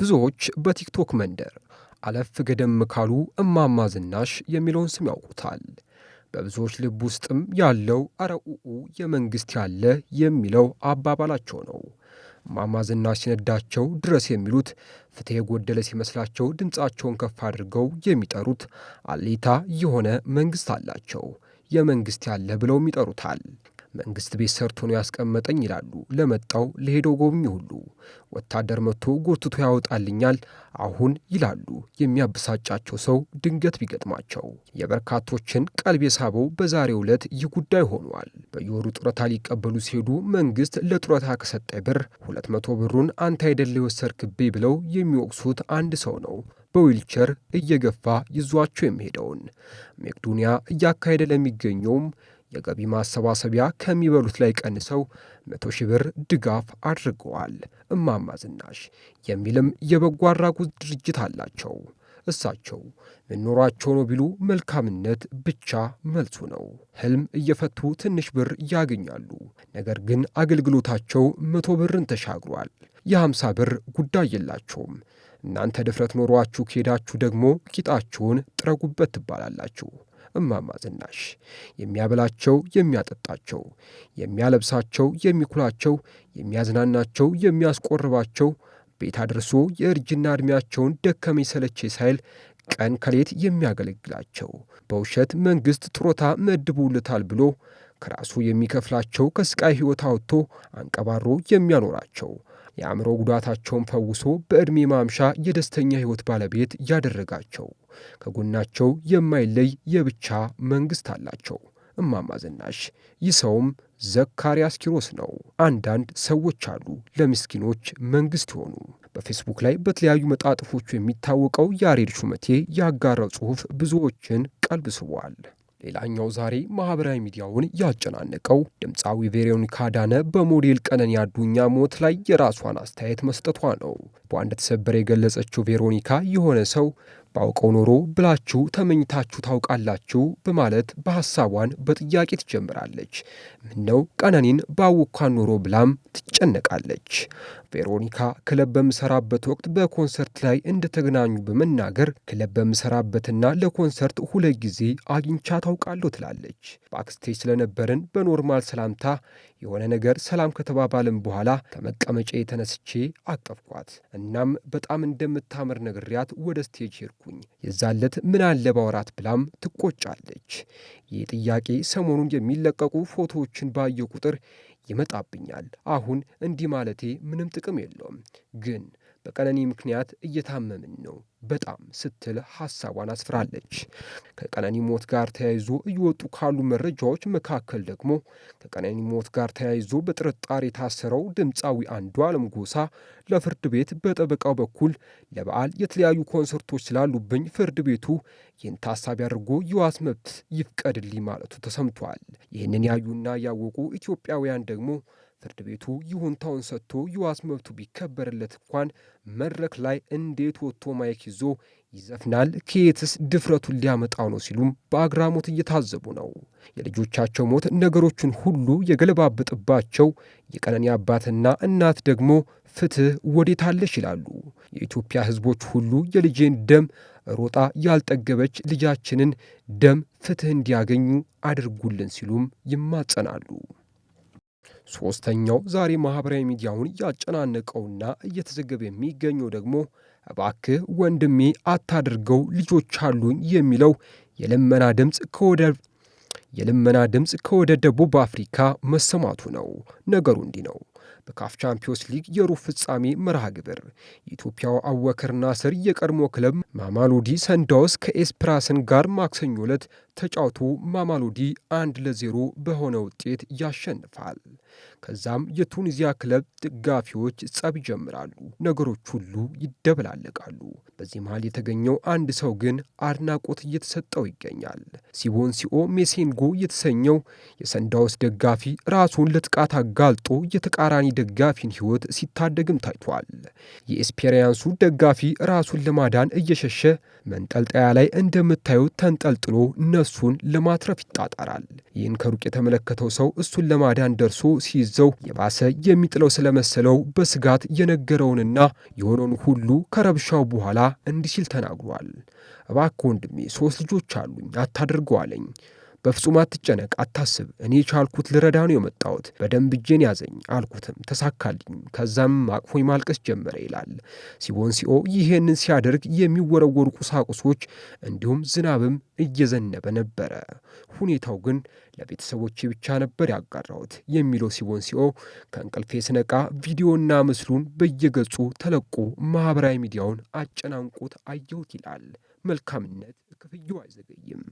ብዙዎች በቲክቶክ መንደር አለፍ ገደም ካሉ እማማ ዝናሽ የሚለውን ስም ያውቁታል። በብዙዎች ልብ ውስጥም ያለው አረኡኡ የመንግሥት ያለ የሚለው አባባላቸው ነው። እማማ ዝናሽ ሲነዳቸው ድረስ የሚሉት ፍትሕ የጎደለ ሲመስላቸው ድምፃቸውን ከፍ አድርገው የሚጠሩት አሌታ የሆነ መንግሥት አላቸው። የመንግሥት ያለ ብለውም ይጠሩታል። መንግስት ቤት ሰርቶ ነው ያስቀመጠኝ ይላሉ። ለመጣው ለሄደው ጎብኚ ሁሉ ወታደር መጥቶ ጎትቶ ያወጣልኛል አሁን ይላሉ። የሚያበሳጫቸው ሰው ድንገት ቢገጥማቸው የበርካቶችን ቀልብ የሳበው በዛሬው ዕለት ይህ ጉዳይ ሆኗል። በየወሩ ጡረታ ሊቀበሉ ሲሄዱ መንግስት ለጡረታ ከሰጠኝ ብር ሁለት መቶ ብሩን አንተ አይደለ የወሰድክብኝ ብለው የሚወቅሱት አንድ ሰው ነው በዊልቸር እየገፋ ይዟቸው የሚሄደውን ሜቄዶንያ እያካሄደ ለሚገኘውም የገቢ ማሰባሰቢያ ከሚበሉት ላይ ቀንሰው መቶ ሺህ ብር ድጋፍ አድርገዋል። እማማ ዝናሽ የሚልም የበጎ አድራጎት ድርጅት አላቸው። እሳቸው ምን ኖሯቸው ነው ቢሉ መልካምነት ብቻ መልሱ ነው። ህልም እየፈቱ ትንሽ ብር ያገኛሉ። ነገር ግን አገልግሎታቸው መቶ ብርን ተሻግሯል። የሀምሳ ብር ጉዳይ የላቸውም። እናንተ ድፍረት ኖሯችሁ ከሄዳችሁ ደግሞ ቂጣችሁን ጥረጉበት ትባላላችሁ። እማማ ዝናሽ የሚያበላቸው፣ የሚያጠጣቸው፣ የሚያለብሳቸው፣ የሚኩላቸው፣ የሚያዝናናቸው፣ የሚያስቆርባቸው ቤት አድርሶ የእርጅና ዕድሜያቸውን ደከመኝ ሰለቼ ሳይል ቀን ከሌት የሚያገለግላቸው በውሸት መንግሥት ጥሮታ መድቦልታል ብሎ ከራሱ የሚከፍላቸው ከስቃይ ሕይወት አውጥቶ አንቀባሮ የሚያኖራቸው የአእምሮ ጉዳታቸውን ፈውሶ በዕድሜ ማምሻ የደስተኛ ሕይወት ባለቤት ያደረጋቸው ከጎናቸው የማይለይ የብቻ መንግሥት አላቸው እማማ ዝናሽ። ይህ ሰውም ዘካርያስ ኪሮስ ነው። አንዳንድ ሰዎች አሉ ለምስኪኖች መንግሥት የሆኑ። በፌስቡክ ላይ በተለያዩ መጣጥፎቹ የሚታወቀው ያሬድ ሹመቴ ያጋራው ጽሑፍ ብዙዎችን ቀልብ ስቧል። ሌላኛው ዛሬ ማህበራዊ ሚዲያውን ያጨናነቀው ድምፃዊ ቬሮኒካ ዳነ በሞዴል ቀነኒ አዱኛ ሞት ላይ የራሷን አስተያየት መስጠቷ ነው። በአንድ ተሰበር የገለጸችው ቬሮኒካ የሆነ ሰው ባውቀው ኖሮ ብላችሁ ተመኝታችሁ ታውቃላችሁ በማለት በሐሳቧን በጥያቄ ትጀምራለች። ምነው ቀነኒን ባውኳን ኖሮ ብላም ትጨነቃለች። ቬሮኒካ ክለብ በምሰራበት ወቅት በኮንሰርት ላይ እንደተገናኙ በመናገር ክለብ በምሰራበትና ለኮንሰርት ሁለት ጊዜ አግኝቻ ታውቃለሁ ትላለች። ባክስቴጅ ስለነበርን በኖርማል ሰላምታ የሆነ ነገር ሰላም ከተባባልም በኋላ ከመቀመጫ የተነስቼ አቀፍኳት። እናም በጣም እንደምታምር ነግሪያት ወደ ስቴጅ ሄድኩኝ። የዛለት ምን አለ ባወራት ብላም ትቆጫለች። ይህ ጥያቄ ሰሞኑን የሚለቀቁ ፎቶዎችን ባየ ቁጥር ይመጣብኛል። አሁን እንዲህ ማለቴ ምንም ጥቅም የለውም ግን በቀነኒ ምክንያት እየታመምን ነው በጣም ስትል ሀሳቧን አስፍራለች። ከቀነኒ ሞት ጋር ተያይዞ እየወጡ ካሉ መረጃዎች መካከል ደግሞ ከቀነኒ ሞት ጋር ተያይዞ በጥርጣሬ የታሰረው ድምፃዊ አንዱ አለም ጎሳ ለፍርድ ቤት በጠበቃው በኩል ለበዓል የተለያዩ ኮንሰርቶች ስላሉብኝ ፍርድ ቤቱ ይህን ታሳቢ አድርጎ የዋስ መብት ይፍቀድልኝ ማለቱ ተሰምቷል። ይህንን ያዩና ያወቁ ኢትዮጵያውያን ደግሞ ፍርድ ቤቱ ይሁንታውን ሰጥቶ የዋስ መብቱ ቢከበርለት እንኳን መድረክ ላይ እንዴት ወጥቶ ማይክ ይዞ ይዘፍናል? ከየትስ ድፍረቱን ሊያመጣው ነው? ሲሉም በአግራሞት እየታዘቡ ነው። የልጆቻቸው ሞት ነገሮችን ሁሉ የገለባበጥባቸው የቀነኒ አባትና እናት ደግሞ ፍትህ ወዴታለሽ ይላሉ። የኢትዮጵያ ሕዝቦች ሁሉ የልጄን ደም ሮጣ ያልጠገበች ልጃችንን ደም ፍትህ እንዲያገኙ አድርጉልን ሲሉም ይማጸናሉ። ሶስተኛው ዛሬ ማህበራዊ ሚዲያውን እያጨናነቀውና እየተዘገበ የሚገኘው ደግሞ እባክህ ወንድሜ አታድርገው ልጆች አሉኝ የሚለው የልመና ድምፅ ከወደ የልመና ድምፅ ከወደ ደቡብ አፍሪካ መሰማቱ ነው። ነገሩ እንዲህ ነው። በካፍ ቻምፒዮንስ ሊግ የሩብ ፍጻሜ መርሃ ግብር የኢትዮጵያው አወከር ናስር የቀድሞ ክለብ ማማሎዲ ሰንዳውስ ከኤስፕራስን ጋር ማክሰኞ ዕለት ተጫውቶ ማማሎዲ አንድ ለዜሮ በሆነ ውጤት ያሸንፋል። ከዛም የቱኒዚያ ክለብ ደጋፊዎች ጸብ ይጀምራሉ። ነገሮች ሁሉ ይደበላለቃሉ። በዚህ መሃል የተገኘው አንድ ሰው ግን አድናቆት እየተሰጠው ይገኛል። ሲቦን ሲኦ ሜሴንጎ የተሰኘው የሰንዳውስ ደጋፊ ራሱን ለጥቃት አጋልጦ እየተቃራ የካኒ ደጋፊን ሕይወት ሲታደግም ታይቷል። የኤስፔሪያንሱ ደጋፊ ራሱን ለማዳን እየሸሸ መንጠልጠያ ላይ እንደምታዩት ተንጠልጥሎ ነፍሱን ለማትረፍ ይጣጣራል። ይህን ከሩቅ የተመለከተው ሰው እሱን ለማዳን ደርሶ ሲይዘው የባሰ የሚጥለው ስለመሰለው በስጋት የነገረውንና የሆነውን ሁሉ ከረብሻው በኋላ እንዲህ ሲል ተናግሯል። እባክህ ወንድሜ ሶስት ልጆች አሉኝ አታደርገዋለኝ በፍጹም አትጨነቅ፣ አታስብ፣ እኔ ቻልኩት ልረዳ ነው የመጣሁት። በደንብ እጄን ያዘኝ አልኩትም፣ ተሳካልኝ። ከዛም አቅፎኝ ማልቀስ ጀመረ ይላል ሲኦ። ይህንን ሲያደርግ የሚወረወሩ ቁሳቁሶች እንዲሁም ዝናብም እየዘነበ ነበረ። ሁኔታው ግን ለቤተሰቦቼ ብቻ ነበር ያጋራሁት የሚለው ሲኦ ከእንቅልፌ ስነቃ ቪዲዮና ምስሉን በየገጹ ተለቆ ማኅበራዊ ሚዲያውን አጨናንቆት አየሁት ይላል። መልካምነት ክፍያው አይዘገይም።